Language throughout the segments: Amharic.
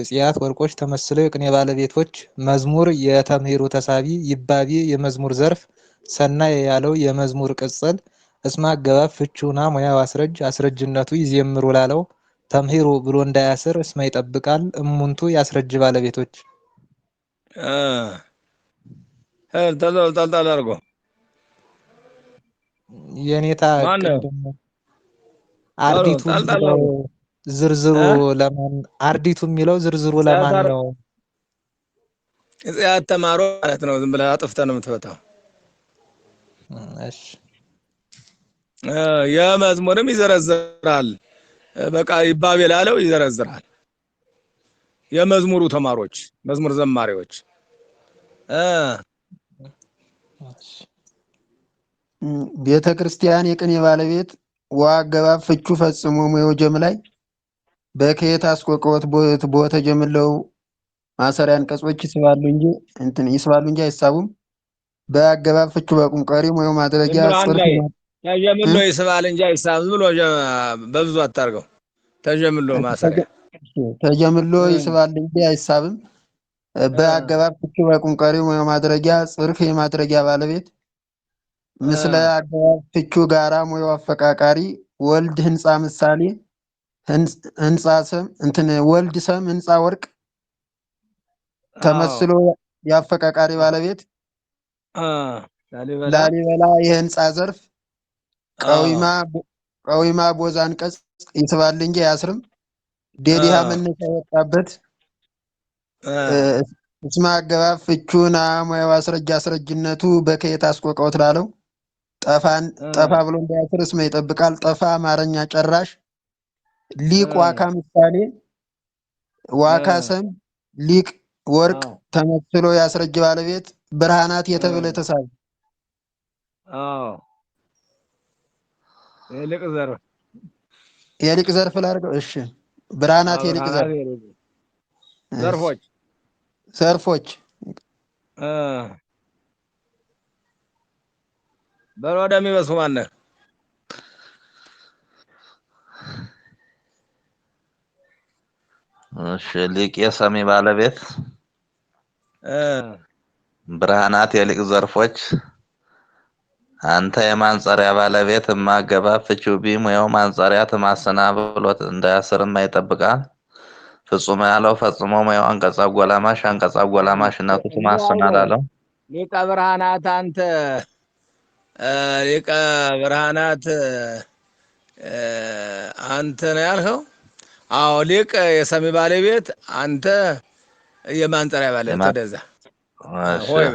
የጽያት ወርቆች ተመስለው የቅኔ ባለቤቶች መዝሙር የተምሂሩ ተሳቢ ይባቢ የመዝሙር ዘርፍ ሰና ያለው የመዝሙር ቅጽል እስማ አገባብ ፍቹና ሙያው አስረጅ አስረጅነቱ ይዜምሩ ላለው ተምሂሩ ብሎ እንዳያስር እስማ ይጠብቃል። እሙንቱ ያስረጅ ባለቤቶች ጠልጠል አድርጎ የኔታ አርቢቱ ዝርዝሩ ለማን አርዲቱ የሚለው ዝርዝሩ ለማን ነው? እዚያ አተማሮ ማለት ነው። ዝም ብለህ አጥፍተህ ነው የምትፈታው። እሺ የመዝሙርም ይዘረዝራል። በቃ ይባቤል አለው ይዘረዝራል። የመዝሙሩ ተማሮች መዝሙር ዘማሪዎች ቤተ ክርስቲያን የቅኔ ባለቤት ዋ አገባብ ፍቹ ፈጽሞ መዮጀም ላይ በከየት አስቆቅወት ቦታ ጀምለው ማሰሪያ አንቀጾች ይስባሉ እንጂ እንትን ይስባሉ እንጂ አይሳቡም። በአገባብ ፍቹ በቁም ቀሪ ወይ ማድረጊያ ጽርፍ ተጀምሎ ይስባል እንጂ አይሳብም ብሎ በብዙ አታርገው። ተጀምሎ ማሰሪያ ተጀምሎ ይስባል እንጂ አይሳብም። በአገባብ ፍቹ በቁም ቀሪ ወይ ማድረጊያ ጽርፍ የማድረጊያ ባለቤት ምስለ አገባብ ፍቹ ጋራ ወይ አፈቃቃሪ ወልድ ህንፃ ምሳሌ ህንፃ ሰም እንትን ወልድ ሰም ህንፃ ወርቅ ተመስሎ የአፈቃቃሪ ባለቤት ላሊበላ የህንፃ ዘርፍ ቀዊማ ቦዛ አንቀጽ ይስባል እንጂ አያስርም። ዴዲሃ መነሻ የወጣበት እስማ አገባብ ፍቹን አሞያው አስረጅ አስረጅነቱ በከየት አስቆቀው ትላለው ጠፋ ብሎ እንዳያስር እስመ ይጠብቃል። ጠፋ አማርኛ ጨራሽ ሊቅ ዋካ ምሳሌ ዋካ ሰም ሊቅ ወርቅ ተመስሎ ያስረጅ ባለቤት ብርሃናት የተብለ ተሳቢ የሊቅ ዘርፍ የሊቅ ዘርፍ ላድርገው። እሺ ብርሃናት የሊቅ ዘርፍ ዘርፎች ዘርፎች በሮ ወደሚበሱ ማነህ እሺ ሊቅ የሰሚ ባለቤት ብርሃናት የሊቅ ዘርፎች አንተ የማንጸሪያ ባለቤት እማገባ ፍቺውቢ ሙያው ማንጸሪያ ትማስና ብሎት እንዳያስር የማይጠብቃል ፍጹም ያለው ፈጽሞ ሙያው አንቀጻ ጎላማሽ አንቀጻ ጎላማሽነቱ ትማስና ላለው ሊቀ ብርሃናት አንተ ሊቀ ብርሃናት አንተ ነው ያልኸው። አዎ ሊቅ የሰሚ ባለቤት አንተ የማንጠሪያ ባለ ወደዛ ሆይ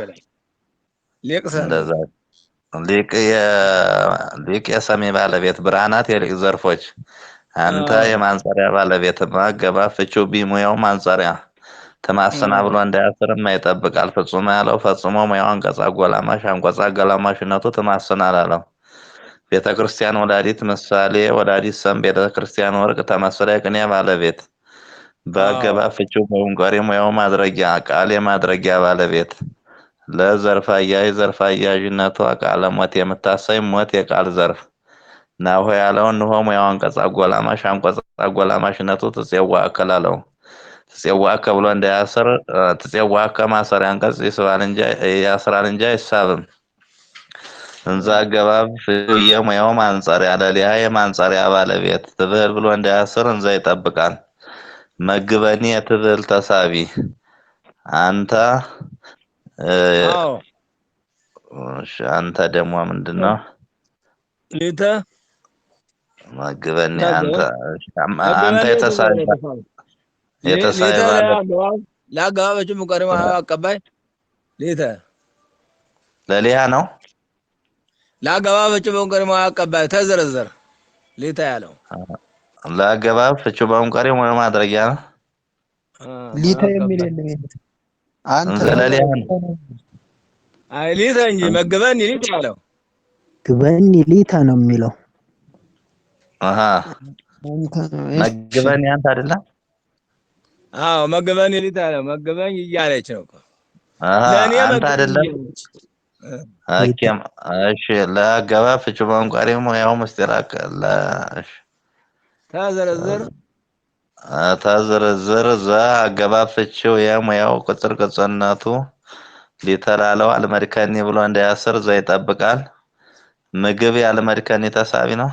ሊቅ ሊቅ የሰሚ ባለቤት ብርሃናት የሊቅ ዘርፎች አንተ የማንጸሪያ ባለቤት ገባ ፍቹ ቢሙያው ማንጸሪያ ትማስና ብሎ እንዳያስርም ይጠብቃል። ፍጹም ያለው ፈጽሞ ሙያው አንቀጻ ጎላማሽ አንቀጻ ገላማሽነቱ ትማስና ላለው ቤተ ክርስቲያን ወላዲት ምሳሌ ወላዲት ሰም ቤተ ክርስቲያን ወርቅ ተመስሪያ ቅኔ ባለቤት በገባ ፍቹ ወንቀሪ ሙያው ማድረጊያ ቃል የማድረጊያ ባለቤት ለዘርፍ አያዥ ዘርፍ አያዥነቷ ቃለ ሞት የምታሳይ ሞት የቃል ዘርፍ ናሆ ያለው እንሆ ሙያው አንቀጻ ጎላማሽ አንቀጻ ጎላማሽነቱ ትጼዋ እክል አለው። ትጼዋ እከ ብሎ እንዳያስር ትጼዋ እከ ማሰሪያ አንቀጽ ይስባል እንጂ ያስራል እንጂ አይሳብም። እንዛ አገባብ የሙያው ማንጸሪያ ለሊሃ የማንጸሪያ ባለቤት ትብህል ብሎ እንዳያስር እንዛ ይጠብቃል። መግበኒ የትብህል ተሳቢ አንተ አንተ ደግሞ ምንድን ነው? ሊተ መግበኒ አንተ አንተ የተሳቢ የተሳቢ ለአገባበችም ቀሪማ አቀባይ ሊተ ለሊያ ነው ለአገባብ ፈጭ በንቀሪ ማ አቀባይ ተዘረዘረ ሊታ ያለው ለአገባ ፈጭ በንቀሪ ማ ማድረጊያ ነው። ሊታ የሚል የለም። አንተ አይ ሊታ እንጂ መግበን ሊታ ያለው ግበን ሊታ ነው የሚለው። አሃ መግበን ያንተ አይደለ? አዎ መግበን ሊታ ያለው መግበን እያለች ነው አሃ አንተ አይደለም ሐኪም እሺ፣ ምስጢር ዘ አገባ የሙያው ቅጽነቱ ሊተላለው አልመድከኒ ብሎ እንዳያስር ዘ ይጠብቃል። ምግብ ያልመድከኒ ተሳቢ ነው።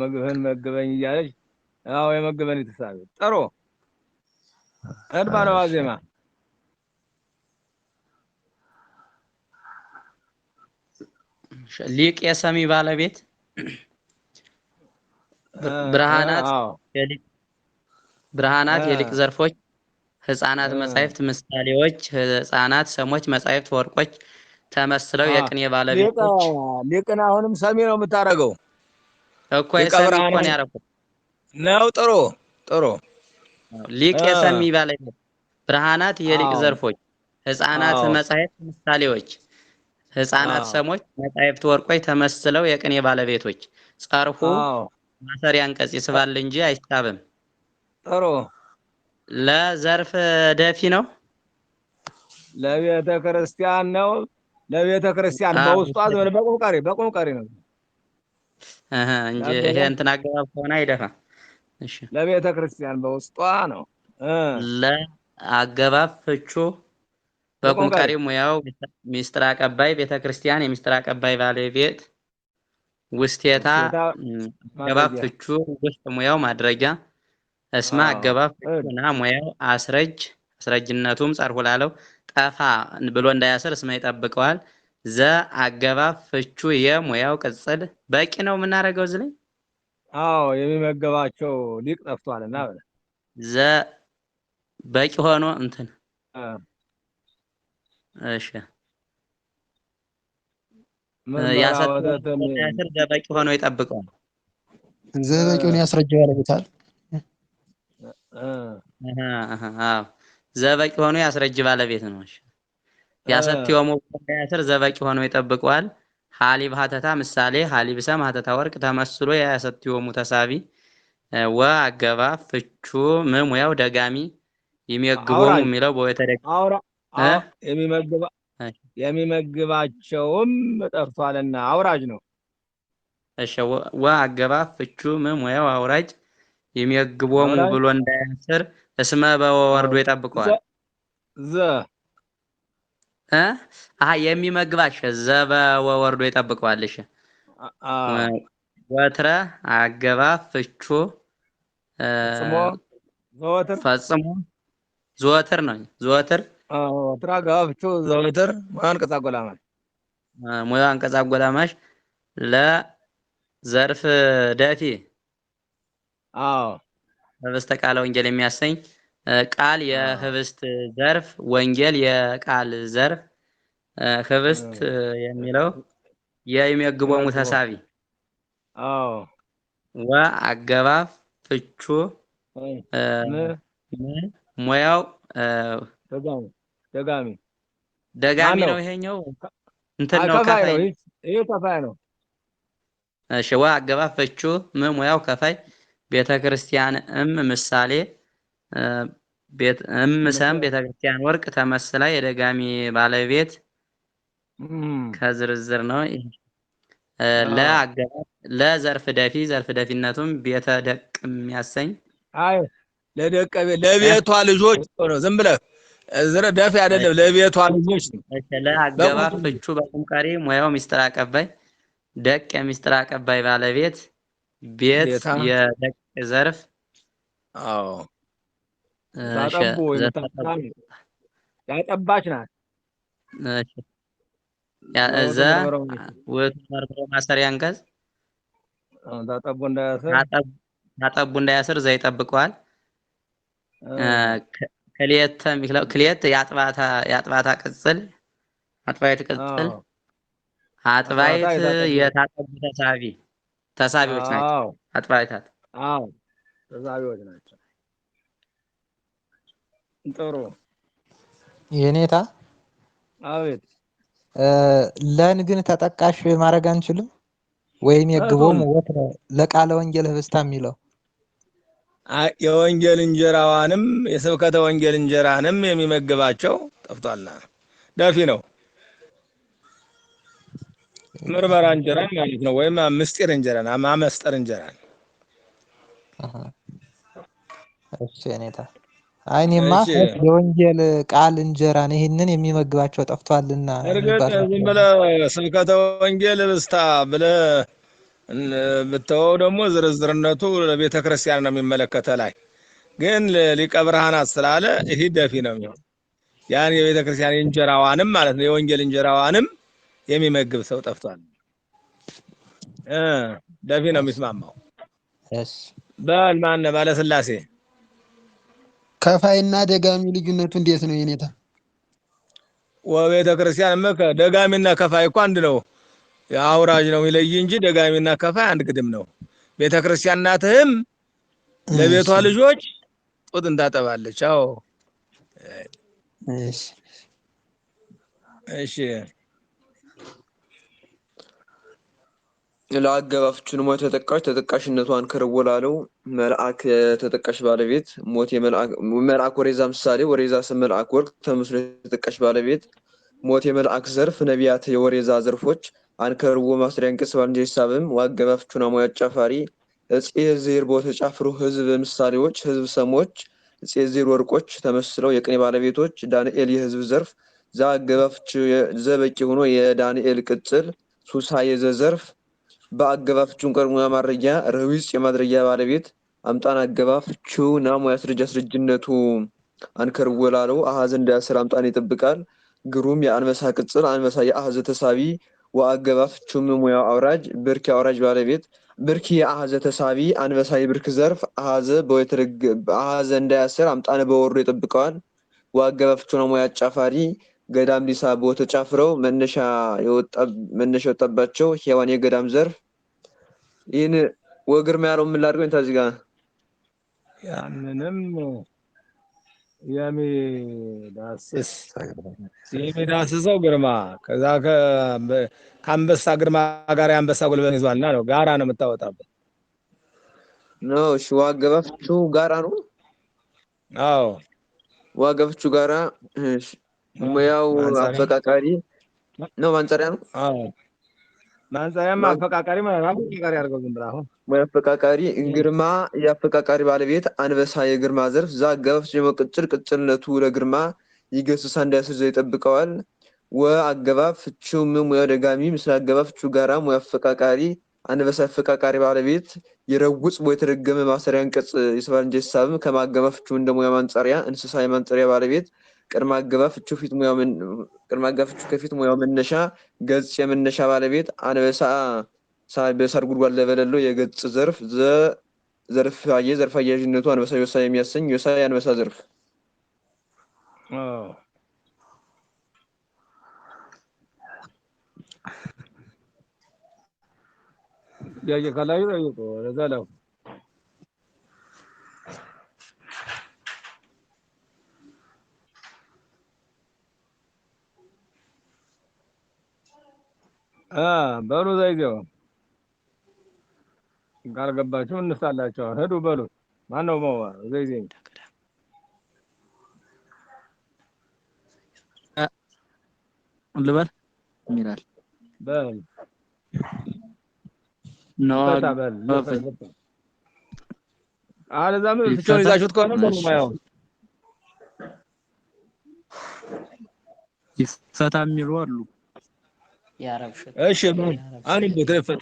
ምግብህን መግበኝ እያለች አዎ፣ የመግበኝ ተሳቢ ጥሩ እድባ ነው ዜማ ሊቅ የሰሚ ባለቤት ብርሃናት ብርሃናት የሊቅ ዘርፎች ህፃናት መጻሕፍት ምሳሌዎች ህፃናት ሰሞች መጻሕፍት ወርቆች ተመስለው የቅኔ ባለቤቶች ሊቅን አሁንም ሰሚ ነው የምታደርገው እኮ የሰሚ ነው ነው ጥሩ ጥሩ ሊቅ የሰሚ ባለቤት ብርሃናት የሊቅ ዘርፎች ህፃናት መጻሕፍት ምሳሌዎች ህፃናት ሰሞች መጻሕፍት ወርቆች ተመስለው የቅኔ ባለቤቶች ጸርሁ ማሰሪያ አንቀጽ ይስባል እንጂ አይሳብም። ጥሩ ለዘርፍ ደፊ ነው። ለቤተ ክርስቲያን ነው። ለቤተ ክርስቲያን በውስጧ ዘመን በቁም ቀሪ በቁም ቀሪ ነው እንጂ ይሄ እንትን አገባብ ከሆነ አይደፋም። እሺ ለቤተ ክርስቲያን በውስጧ ነው። ለአገባብ ፍቹ በቁንቀሪ ሙያው ሚስጥር አቀባይ ቤተ ክርስቲያን የሚስጥር አቀባይ ባለቤት፣ ውስቴታ አገባብ ፍቹ ውስጥ ሙያው ማድረጊያ፣ እስማ አገባብ ፍቹና ሙያው አስረጅ አስረጅነቱም ጸርሁ ላለው ጠፋ ብሎ እንዳያስር እስማ ይጠብቀዋል። ዘ አገባብ ፍቹ የሙያው ቅጽል በቂ ነው የምናደርገው እዚህ ላይ። አዎ የሚመገባቸው ሊቅ ጠፍቷልና ዘ በቂ ሆኖ እንትን እሺ ያሰር ሆኖ ይጠብቀዋል። ዘላቂውን ያስረጀዋል ይሉታል። ዘበቂ ሆኖ ያስረጅ ባለቤት ነው። እሺ ያሰትዮሙ ያስር ዘበቂ ሆኖ ይጠብቀዋል። ሀሊብ ሀተታ ምሳሌ ሀሊብ ሰም ሀተታ ወርቅ ተመስሎ ያሰትዮሙ ተሳቢ ወአገባ ፍቹ ምሙያው ደጋሚ ይመግቦሙ የሚለው ተደግ አውራ የሚመግባቸውም ጠፍቷልና አውራጅ ነው። እሺ ወአገባብ ፍቹ ምን ወያው አውራጅ የሚያግቦሙ ብሎ እንዳያስር እስመ በወርዶ ይጠብቀዋል። ዘ እ አሃ ዘ በወርዶ ይጠብቀዋል። እሺ ወትረ አገባብ ፍቹ ፈጽሞ ዘወትር ነው። ዘወትር ወትራ ጋብቶ ዘወትር ሙያ አንቀጽ አጎላማሽ ሙያ አንቀጽ አጎላማሽ ለዘርፍ ደፊ አዎ ህብስተ ቃለ ወንጌል የሚያሰኝ ቃል የህብስት ዘርፍ፣ ወንጌል የቃል ዘርፍ። ህብስት የሚለው የሚመግቦሙ ተሳቢ ወአገባብ ፍቹ ሙያው ደጋሚ ደጋሚ ነው ይሄኛው እንትን ነው ከፋይ ነው ይሄ ከፋይ ነው እሺ ዋ አገባብ ፈቹ ሙያው ከፋይ ቤተ ክርስቲያን እም ምሳሌ ቤት እም ሰም ቤተ ክርስቲያን ወርቅ ተመስላ የደጋሚ ባለቤት ከዝርዝር ነው ለአገባብ ለዘርፍ ደፊ ዘርፍ ደፊነቱም ቤተ ደቅ የሚያሰኝ አይ ለደቀ ለቤቷ ልጆች ነው ዝም ብለህ ዝረ ደፊ አይደለም፣ ለቤቷ ልጆች ነው። ለአገባብ ፍቹ በቁምቀሪ ሙያው ሚስጥር አቀባይ ደቅ የሚስጥር አቀባይ ባለቤት ቤት የደቅ ዘርፍ አዎ ያጠባች ናት። እዛ ውእቱ መርምሮ ማሰሪያ አንቀጽ ታጠቡ እንዳያስር ዘይጠብቀዋል ክልኤተ ሚክላ ክልኤተ የአጥባታ የአጥባታ ቅጽል አጥባይት ቅጽል አጥባይት የታጠቡ ተሳቢ ተሳቢዎች ናቸው። አጥባይታት አዎ ተሳቢዎች ናቸው። ጥሩ የኔታ አቤት። ለን ግን ተጠቃሽ ማድረግ አንችልም ወይም የግቦም ወትረ ለቃለ ወንጌል ህብስታ የሚለው የወንጌል እንጀራዋንም የስብከተ ወንጌል እንጀራንም የሚመግባቸው ጠፍቷልና ደፊ ነው። ምርመራ እንጀራን ማለት ነው፣ ወይም ምስጢር እንጀራን ማመስጠር እንጀራን። እሺ እኔታ አይኔማ የወንጌል ቃል እንጀራን ይህንን የሚመግባቸው ጠፍቷልና፣ እርግጥ ዝም ብለህ ስብከተ ወንጌል ብስታ ብለህ ብትወው ደግሞ ዝርዝርነቱ ለቤተ ክርስቲያን ነው የሚመለከተ ላይ ግን ሊቀ ብርሃናት ስላለ ይህ ደፊ ነው የሚሆን ያን የቤተ ክርስቲያን እንጀራዋንም ማለት ነው የወንጌል እንጀራዋንም የሚመግብ ሰው ጠፍቷል። ደፊ ነው የሚስማማው። በል ማነ ባለስላሴ ከፋይና ደጋሚ ልዩነቱ እንዴት ነው የኔታ? ወቤተ ክርስቲያን ደጋሚና ከፋይ እኮ አንድ ነው። የአውራጅ ነው ይለይ እንጂ ደጋሚና ከፋይ አንድ ግድም ነው። ቤተ ክርስቲያን እናትህም ለቤቷ ልጆች ጡት እንታጠባለች። አዎ እሺ። ለአገባፍችን ሞት ተጠቃሽ ተጠቃሽነቷን ክርቦ ላለው መልአክ ተጠቃሽ ባለቤት ሞት መልአክ ወሬዛ ምሳሌ ወሬዛ ስም መልአክ ወርቅ ተምስሎ ተጠቃሽ ባለቤት ሞት የመልአክ ዘርፍ ነቢያት የወሬዛ ዘርፎች አንከርዎ ማስደንቅስ ባልንጀሳብም ዋገባፍ ቹናሞ ያጫፋሪ እፄ ዜር ቦተ ጫፍሩ ህዝብ ምሳሌዎች ህዝብ ሰሞች እፄ ዜር ወርቆች ተመስለው የቅኔ ባለቤቶች ዳንኤል የህዝብ ዘርፍ ዘአገባፍች ዘበቂ ሆኖ የዳንኤል ቅጽል ሱሳ የዘ ዘርፍ በአገባፍቹን ቀድሞ ማድረጊያ ረዊጽ የማድረጊያ ባለቤት አምጣን አገባፍቹ ናሞ ያስርጅ አስርጅነቱ አንከር ላለው አሀዝ እንዳያስር አምጣን ይጠብቃል ግሩም የአንበሳ ቅጽል አንበሳ የአሀዘ ተሳቢ ወአገባፍ ቹም ሙያው አውራጅ ብርኪ አውራጅ ባለቤት ብርኪ አሐዘ ተሳቢ አንበሳይ ብርክ ዘርፍ አሐዘ አሐዘ እንዳያስር አምጣነ በወሩ ይጠብቀዋል። ወአገባፍ ቹነ ሙያ ጫፋሪ ገዳም ሊሳ ቦተ ጫፍረው መነሻ የወጣባቸው ሔዋን የገዳም ዘርፍ ይህን ወግርማ ያለው የምላድርገኝ ታዚጋ ያንንም የሚዳስስ የሚዳስሰው ግርማ ከዛ ከአንበሳ ግርማ ጋር የአንበሳ ጉልበት ይዟልና ነው። ጋራ ነው የምታወጣበት ነው። እሺ ዋገበፍቹ ጋራ ነው። አዎ ዋገበፍቹ ጋራ ሙያው አፈቃቃሪ ነው። ማንጸሪያ ነው። አዎ ማንሳያም አፈቃቃሪ አፈቃቃሪ አድርገው ዝም ብላ አሁን ወይ አፈቃቃሪ ግርማ የአፈቃቃሪ ባለቤት አንበሳ የግርማ ዘርፍ ዛገበፍ ጀመ ቅጭል ቅጭልነቱ ለግርማ ይገስሳ እንዳያስይዘ ይጠብቀዋል። ወአገባብ ፍቺው ምም ወይ ደጋሚ ምስለ አገባብ ፍቺው ጋራም ወይ አፈቃቃሪ አንበሳ አፈቃቃሪ ባለቤት ይረውጽ ወይ የተደገመ ማሰሪያ አንቀጽ ይስባል እንጂ ሳብም ከማገባብ ፍቺው እንደሞ የማንጸሪያ እንስሳ የማንጸሪያ ባለቤት ቅድመ አገባ ፍቹ ከፊት ሙያው መነሻ ገጽ የመነሻ ባለቤት አንበሳ በሳር ጉድጓድ ለበለለው የገጽ ዘርፍ ዘርፍ አየ ዘርፍ አያዥነቱ አንበሳ ዮሳ የሚያሰኝ ዮሳ የአንበሳ ዘርፍ ያየ ከላዩ በሉ ዘይዜው ይገባ ካልገባችሁ እንሳላቸው። ሂዱ በሉ ማነው መዋ እዛ ልበል ሚራል በል አለዛም ይዛችሁት ከሆነ ይፈታ የሚሉ አሉ። يا رب شكرا ايش يا مان انا ابو تلفت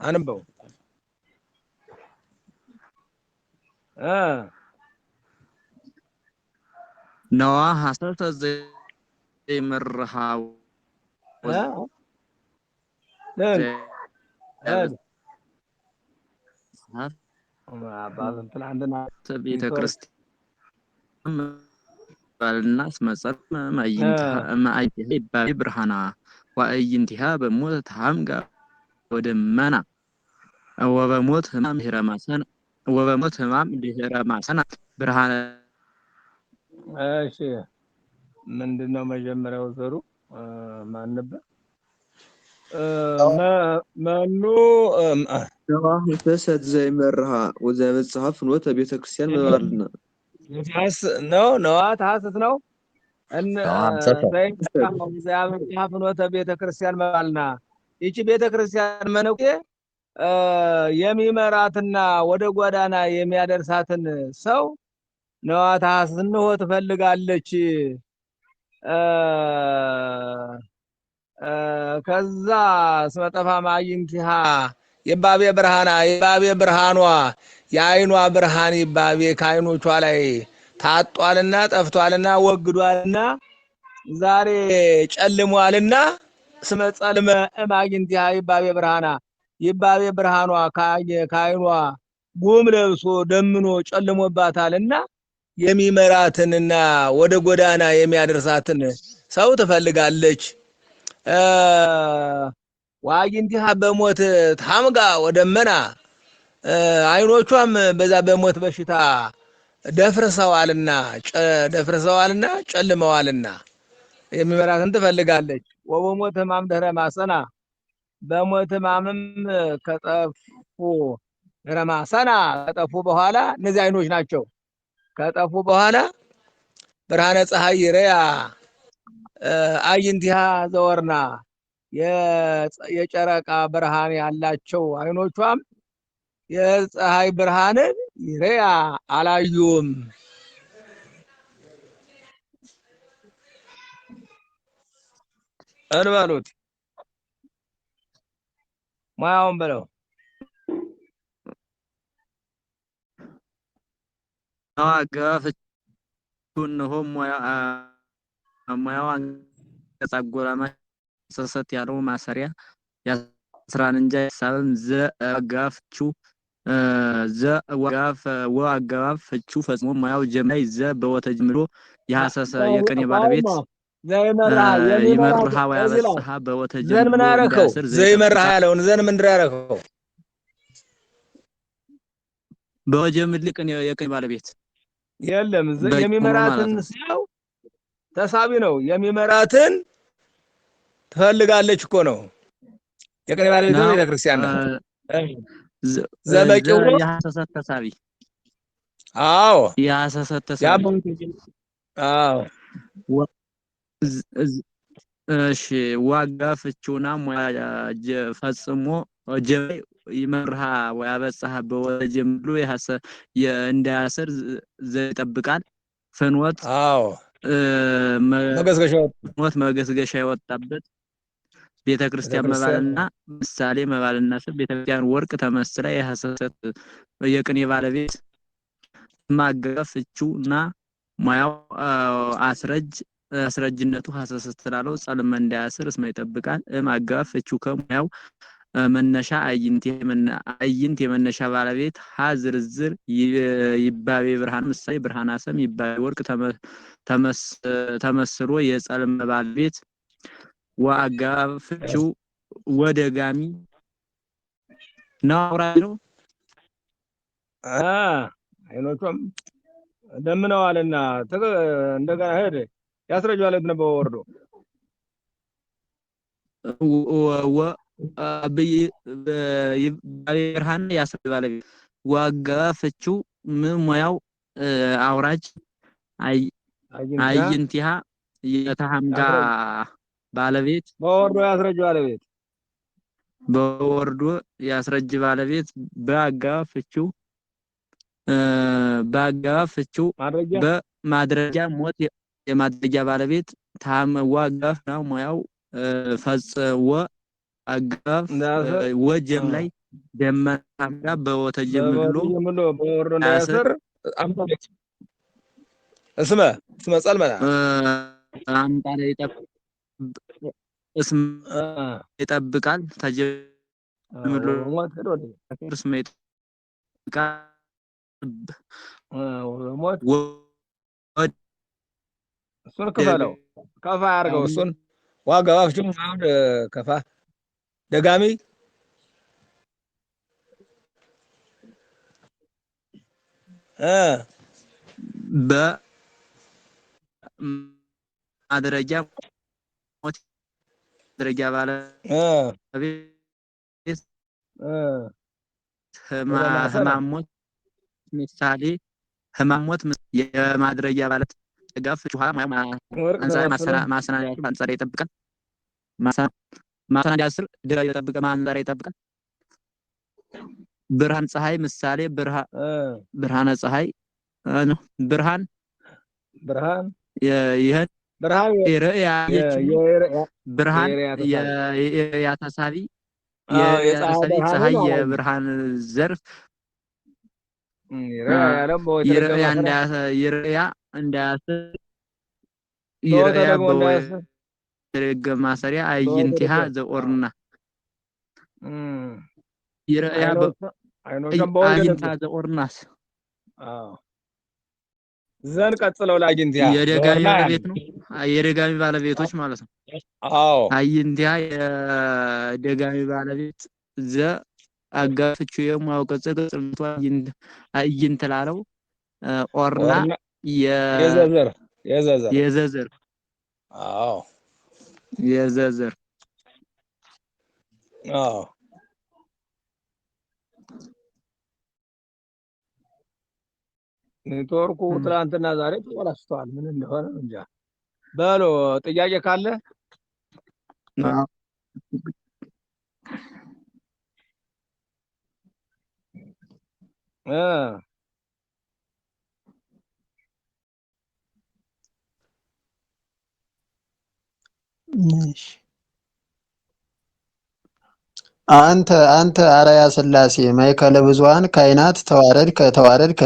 انا ابو اه نواه حصلت زي مرة حاول لا لا لا بعض طلع عندنا تبيتك كريستي ይባልና ስመጸር ማእይሃ ይባል ብርሃና ወአይንቲሃ በሞት ተሃምጋ ወደመና ወበሞት ህማም ድህረ ማሰና ወበሞት ህማም ድህረ ማሰና ብርሃነ እሺ ምንድን ነው መጀመሪያው ዘሩ ማን ነበር? መኑ ተዋህሰት ዘይመርሃ ወዘበጽሐ ፍኖተ ቤተክርስቲያን መባልና ነው ነዋ ታህስስ ነው ፍኖተ ቤተክርስቲያን መባልና ይቺ ቤተክርስቲያን መነኩሴ የሚመራትና ወደ ጎዳና የሚያደርሳትን ሰው ነዋ ታህስስ እንሆ ትፈልጋለች። ከዛ ስመጠፋ ማይንቲሃ የባቤ ብርሃና የባቤ ብርሃኗ የአይኗ ብርሃን ይባቤ ከአይኖቿ ላይ ታጧልና ጠፍቷልና ወግዷልና ዛሬ ጨልሟልና ስመ ጸልመ እማግንቲሃ ይባቤ ብርሃና ይባቤ ብርሃኗ ከአይኗ ጉም ለብሶ ደምኖ ጨልሞባታልና የሚመራትንና ወደ ጎዳና የሚያደርሳትን ሰው ትፈልጋለች። ዋግንቲሃ በሞት ታምጋ ወደመና አይኖቿም በዛ በሞት በሽታ ደፍርሰዋልና ደፍርሰዋልና ጨልመዋልና የሚመራትን ትፈልጋለች። ወበሞት ሕማም ድህረ ማሰና በሞት ሕማምም ከጠፉ ድህረ ማሰና ከጠፉ በኋላ እነዚህ አይኖች ናቸው። ከጠፉ በኋላ ብርሃነ ፀሐይ ረያ አይንቲሃ ዘወርና የጨረቃ ብርሃን ያላቸው አይኖቿም የፀሐይ ብርሃንን ይረያ አላዩም። እንበሉት ሙያውን ብለው አዋጋፍቹንሆ ሙያው አንገጸጎራማች ሰሰት ያለው ማሰሪያ ያስራን እንጂ ዘ አገፍቹ ዘ ወአገባብ ፍቹ ፈጽሞ ማያው ጀማይ ዘ በወተጅምሮ የሐሰሰ የቀን የባለቤት ይመርሃ ዘይመርሃ ያለውን ዘን ያረከው ባለቤት የለም የሚመራትን ተሳቢ ነው። የሚመራትን ትፈልጋለች እኮ ነው። ባለቤት ቤተክርስቲያን ነው። ዘበቂው የሐሰሰት ተሳቢ አዎ፣ የሐሰሰት ተሳቢ አዎ። እሺ ዋጋ ፍቹና ሙያ ፈጽሞ ጀበ ይመርሃ ወያበጽሐ በወጀምሉ የሐሰ እንዳያስር ይጠብቃል። ፍኖት አዎ፣ መገስገሻ ፍኖት መገስገሻ ይወጣበት ቤተ ክርስቲያን መባልና ምሳሌ መባልና ስብ ቤተ ክርስቲያን ወርቅ ተመስላ የሐሰሰት የቅኔ ባለቤት ማገፍ እቹ እና ሙያው አስረጅ አስረጅነቱ ሐሰሰት ስላለው ጸልመ እንዳያስር እስማ ይጠብቃል ማገፍ እቹ ከሙያው መነሻ አይንት የመነሻ ባለቤት ሀ ዝርዝር ይባቤ ብርሃን ምሳሌ ብርሃን አሰም ይባቤ ወርቅ ተመስሎ የጸልመ ባለቤት ወአጋብ ፍቺው ወደ ጋሚ ነው። አውራጅ ነው። አይኖቿም ለምነዋልና እንደገና ሄድ ያስረጃዋል እብነ በወርዶ ይርሃን ያስረጅ ባለቤት ዋጋ ፍቺው ምን ሙያው አውራጅ አይ አይንቲሃ የተሐምዳ ባለቤት በወርዶ ያስረጅ ባለቤት በወርዶ ያስረጅ ባለቤት በአጋ ፍቺው በአጋ ፍቺው በማድረጃ ሞት የማድረጃ ባለቤት ታመዋ አጋፍ ነው ሙያው ፈጽወ አጋፍ ወጀም ላይ በወተጀም በወተጀምሎ በወርዶ ያስር እስመ እስመ ጸልመና አምጣ ላይ እስም ይጠብቃል ተጀምሎስም ይጠብቃል እሱን ክፈለው ከፋ አድርገው እሱን ዋጋው አክቹም አሁን ከፋ ደጋሚ እ ማድረጊያ ባለ ህማሞት ምሳሌ ህማሞት የማድረጊያ ባለት ጋፍ ጩሃ ማሰናዳቱ አንጻር ይጠብቃል። ማሰናዳ ስር ድረ ይጠብቃል። ማንዛር ይጠብቃል። ብርሃን ፀሐይ ምሳሌ ብርሃነ ፀሐይ ነው። ብርሃን ብርሃን ይህን ብርሃን ፀሐይ የብርሃን ዘርፍ ይርያ እንዳያስር ይርያ በወግ ማሰሪያ አይንቲሃ ዘኦርና ይርያ ዘኦርናስ ዘን ቀጥለው ላግንቲያ የደጋ ቤት ነው። የደጋሚ ባለቤቶች ማለት ነው። አዎ አይ እንዲያ የደጋሚ ባለቤት ዘ አጋፍቹ የማውቀጽ ገጽልቷ አይንት ላለው ኦርና የዘዘር የዘዘር የዘዘር አዎ የዘዘር አዎ ኔትወርኩ ትላንትና ዛሬ ተቆላሽቷል። ምን እንደሆነ እንጃ። በሎ ጥያቄ ካለ አንተ አንተ አርአያ ሥላሴ ማእከለ ብዙኃን ካህናት ተዋረድከ ተዋረድከ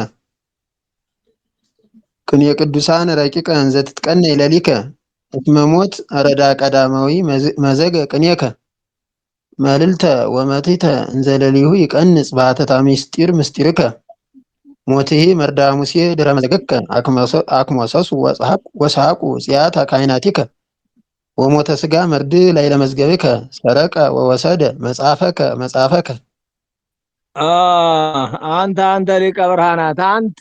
ቅኔ ቅዱሳን ረቂቀን ዘትትቀነይ ሌሊከ እትመሞት አረዳ ቀዳማዊ መዘገ ቅኔከ መልዕልተ ወመትሕተ እንዘ ሌሊሁ ይቀንጽ ባሕተታ ምስጢር ምስጢርከ ሞትሄ መርዳ ሙሴ ድኅረ መዘገከ አክሞሰሱ ወሰሐቁ ጽያታ ካይናቲከ ወሞተ ሥጋ መርድ ላይለ መዝገብከ ሰረቀ ወወሰደ መጽሐፈከ መጽሐፈከ አንተ አንተ ሊቀ ብርሃናት አንተ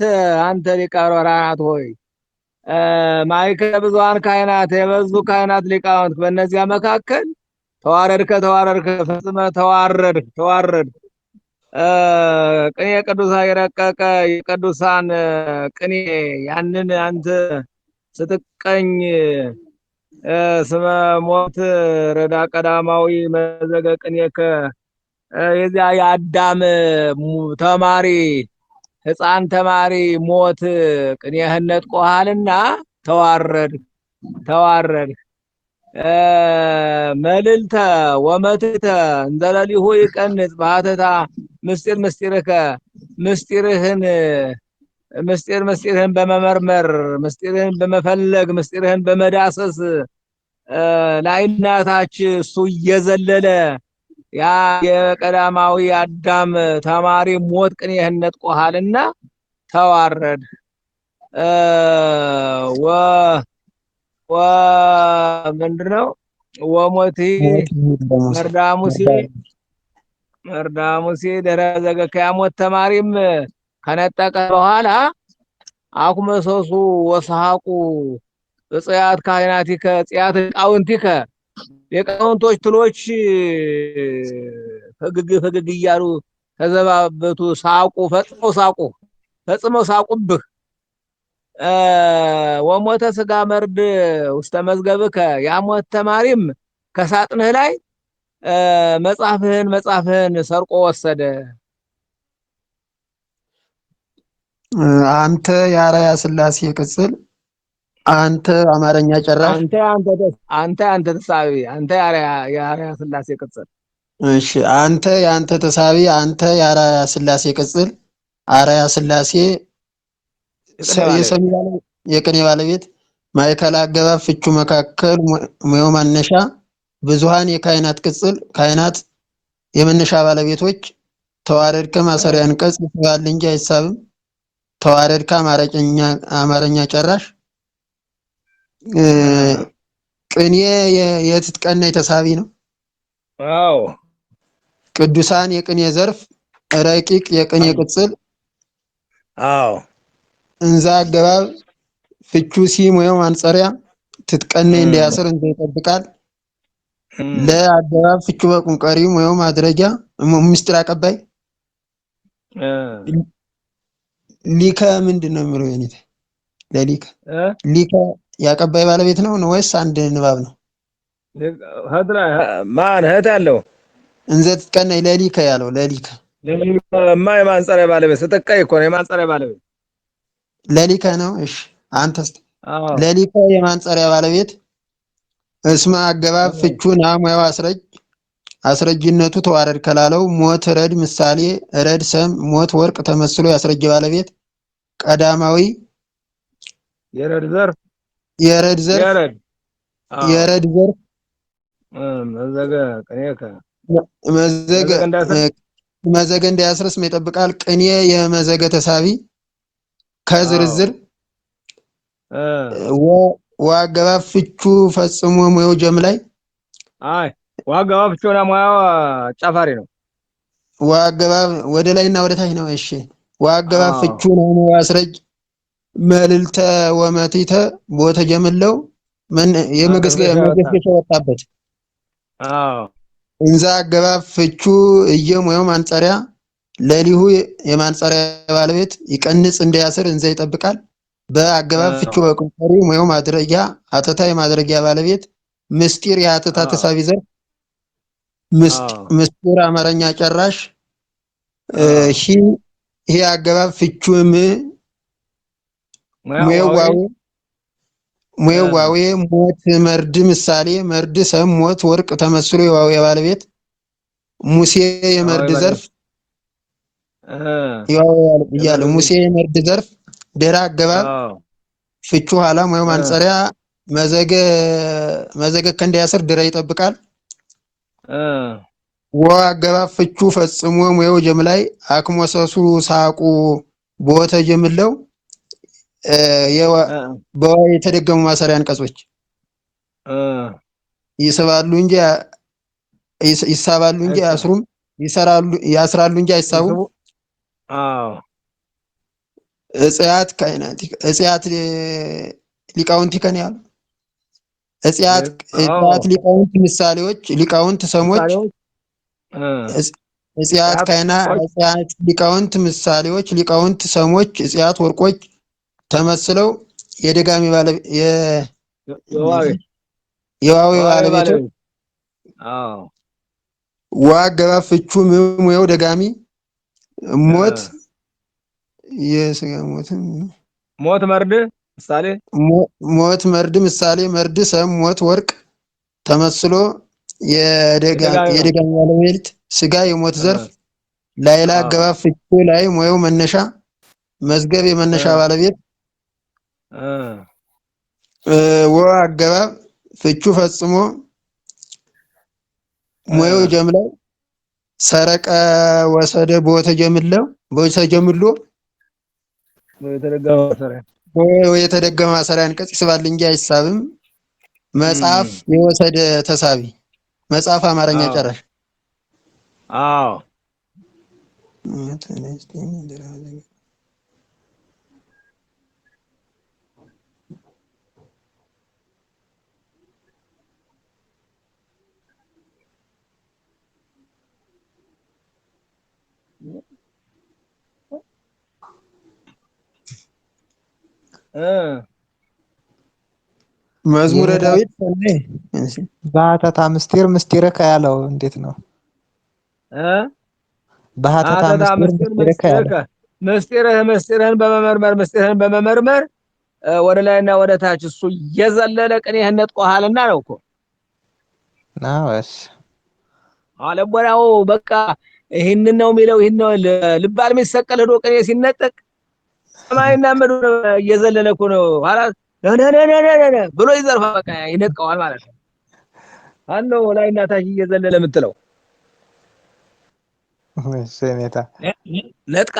አንተ ሊቀ ብርሃናት ሆይ ማይከ ብዙሃን ካህናት የበዙ ካህናት ሊቃውንት በእነዚያ መካከል ተዋረድከ ተዋረድከ ፈጽመ ተዋረድ ተዋረድ ቅኔ ቅዱሳን የረቀቀ የቅዱሳን ቅኔ ያንን አንተ ስትቀኝ ስመ ሞት ረዳ ቀዳማዊ መዘገ ቅኔከ የዚያ የአዳም ተማሪ ሕፃን ተማሪ ሞት ቅኔህን ነጥቆሃልና ተዋረድ ተዋረድ መልልተ ወመትተ እንዘለሊሁ ይቀንጽ ባህተታ ምስጢር ምስጢርከ ምስጢርህን ምስጢር ምስጢርህን በመመርመር ምስጢርህን በመፈለግ ምስጢርህን በመዳሰስ ላይናታች እሱ እየዘለለ ያ የቀዳማዊ አዳም ተማሪ ሞት ቅን የህነት ቆሃልና ተዋረድ ወ ወ ምንድነው ወሞቲ መርዳሙሲ መርዳሙሲ ደረዘገ ከያሞት ተማሪም ከነጠቀ በኋላ አኩመሶሱ ወሰሐቁ እጽያት ካህናቲከ እጽያት ቃውንቲከ የቀውንቶች ትሎች ፈግግ ፈግግ እያሉ ተዘባበቱ። ሳቁ ፈጽመው ሳቁ ፈጽመው ሳቁብህ። ወሞተ ስጋ መርድ ውስተ መዝገብከ ያሞት ተማሪም ከሳጥንህ ላይ መጽሐፍህን መጽሐፍህን ሰርቆ ወሰደ። አንተ የአርአያ ሥላሴ ቅጽል አንተ አማርኛ ጨራሽ አንተ አንተ አንተ ተሳቢ አንተ የአርያ ስላሴ ቅጽል እሺ አንተ የአንተ ተሳቢ አንተ የአርያ ስላሴ ቅጽል አርያ ስላሴ የሰሚ የቅኔ ባለቤት ማዕከል አገባብ ፍቹ መካከል ሙያው ማነሻ ብዙሃን የካህናት ቅጽል ካህናት የመነሻ ባለቤቶች ተዋረድከ ማሰሪያ አንቀጽ ይሳባል እንጂ አይሳብም ተዋረድከ አማርኛ ጨራሽ ቅኔ የትጥቀና የተሳቢ ነው። አዎ ቅዱሳን የቅኔ ዘርፍ፣ ረቂቅ የቅኔ ቅጽል። አዎ እንዛ አገባብ ፍቹ ሲም ወይም አንጸሪያ ትጥቀና እንዳያስር እንዘ ይጠብቃል። ለአገባብ ፍቹ በቁም ቀሪም ወይም ማድረጊያ ምስጢር አቀባይ ሊከ ምንድን ነው የሚለው? ኔ ሊከ የአቀባይ ባለቤት ነው ወይስ አንድ ንባብ ነው? ማን እህት አለው እንዘ ትትቀነ ለሊከ ያለው ለሊከ ለማ የማንጸሪያ ባለቤት ስትቀይ እኮ ነው የማንጸሪያ ባለቤት ለሊከ ነው። እሺ አንተስ ለሊከ የማንጸሪያ ባለቤት እስመ አገባብ ፍቹ ናሙያው አስረጅ አስረጅነቱ ተዋረድ ከላለው ሞት ረድ ምሳሌ ረድ ሰም ሞት ወርቅ ተመስሎ ያስረጀ ባለቤት ቀዳማዊ የረድ ዘርፍ የረድ ዘር የረድ ዘር መዘገ እንዳያስረስም ይጠብቃል። ቅኔ የመዘገ ተሳቢ ከዝርዝር ዋገባብ ፍቹ ፈጽሞ ሙያው ላይ አይ ዋገባብ ነው ሙያው ጨፋሪ ነው። ዋገባብ ወደ ላይና ወደ ታች ነው። እሺ ዋገባብ ፍቹ ነው ሙያው አስረጅ መልልተ ወመቲተ ቦተ ጀምለው ምን የመገስገሻ ወጣበት እንዛ አገባብ ፍቹ እየሙያው ማንጸሪያ ለሊሁ የማንጸሪያ ባለቤት ይቀንጽ እንዳያስር እንዛ ይጠብቃል በአገባብ ፍቹ በቁጠሪ ሙያው ማድረጊያ ሀተታ የማድረጊያ ባለቤት ምስጢር የሀተታ ተሳቢ ዘር ምስጢር አማርኛ ጨራሽ ሂ አገባብ ፍቹም ሙየው ዋዌ ሞት መርድ ምሳሌ መርድ ሰብ ሞት ወርቅ ተመስሎ የዋዌ ባለቤት ሙሴ የመርድ ዘርፍ እያለ ሙሴ የመርድ ዘርፍ ደራ አገባብ ፍቹ ኋላ ሙየው ማንጸሪያ መዘገ መዘገ ከእንዲያስር ድረ ይጠብቃል ወ አገባብ ፍቹ ፈጽሞ ሙየው ጀም ላይ አክሞሰሱ ሳቁ ቦተ ጀምለው በዋ የተደገሙ ማሰሪያ አንቀጾች ይስባሉ እንጂ ይሳባሉ እንጂ አያስሩም፣ ይሰራሉ ያስራሉ እንጂ አይሳቡም። አዎ እጽያት ካይናት እጽያት ከን ያሉ እጽያት እጽያት ሊቃውንት ምሳሌዎች ሊቃውንት ሰሞች እጽያት ካይና እጽያት ሊቃውንት ምሳሌዎች ሊቃውንት ሰሞች እጽያት ወርቆች ተመስለው የደጋሚ ባለቤት የዋዌ ባለቤቱ ዋ አገባብ ፍቹ ምሙየው ደጋሚ ሞት የስጋ ሞት ሞት መርድ ምሳሌ ሞት መርድ ምሳሌ መርድ ሰም ሞት ወርቅ ተመስሎ የደጋሚ ባለቤት ስጋ የሞት ዘርፍ ላይላ አገባብ ፍቹ ላይ ሙየው መነሻ መዝገብ የመነሻ ባለቤት ወ አገባብ ፍቹ ፈጽሞ ሞየው ጀምላው ሰረቀ ወሰደ በወተጀምለው በወተጀምሎ የተደገመ ማሰሪያ አንቀጽ ይስባል እንጂ አይሳብም። መጽሐፍ የወሰደ ተሳቢ መጽሐፍ አማርኛ ጨረሽ። አዎ መዝሙረ ዳዊት በሀተታ ምስጢር ምስጢር ከያለው እንዴት ነው? በሀተታ ምስጢር ከያለው ምስጢርህን በመመርመር ምስጢርህን በመመርመር ወደ ላይና ወደ ታች እሱ እየዘለለ ቅኔህን ነጥቆሃልና ነው እኮ በቃ ይህንን ነው የሚለው ይህን ነው ልባል የሚሰቀል ሄዶ ቅኔ ሲነጠቅ ሰማይና ምድር እየዘለለ እኮ ነው ብሎ ይዘርፋ በቃ ይነጥቀዋል ማለት ነው። አነው ላይና ታች እየዘለለ የምትለው ነጥቃ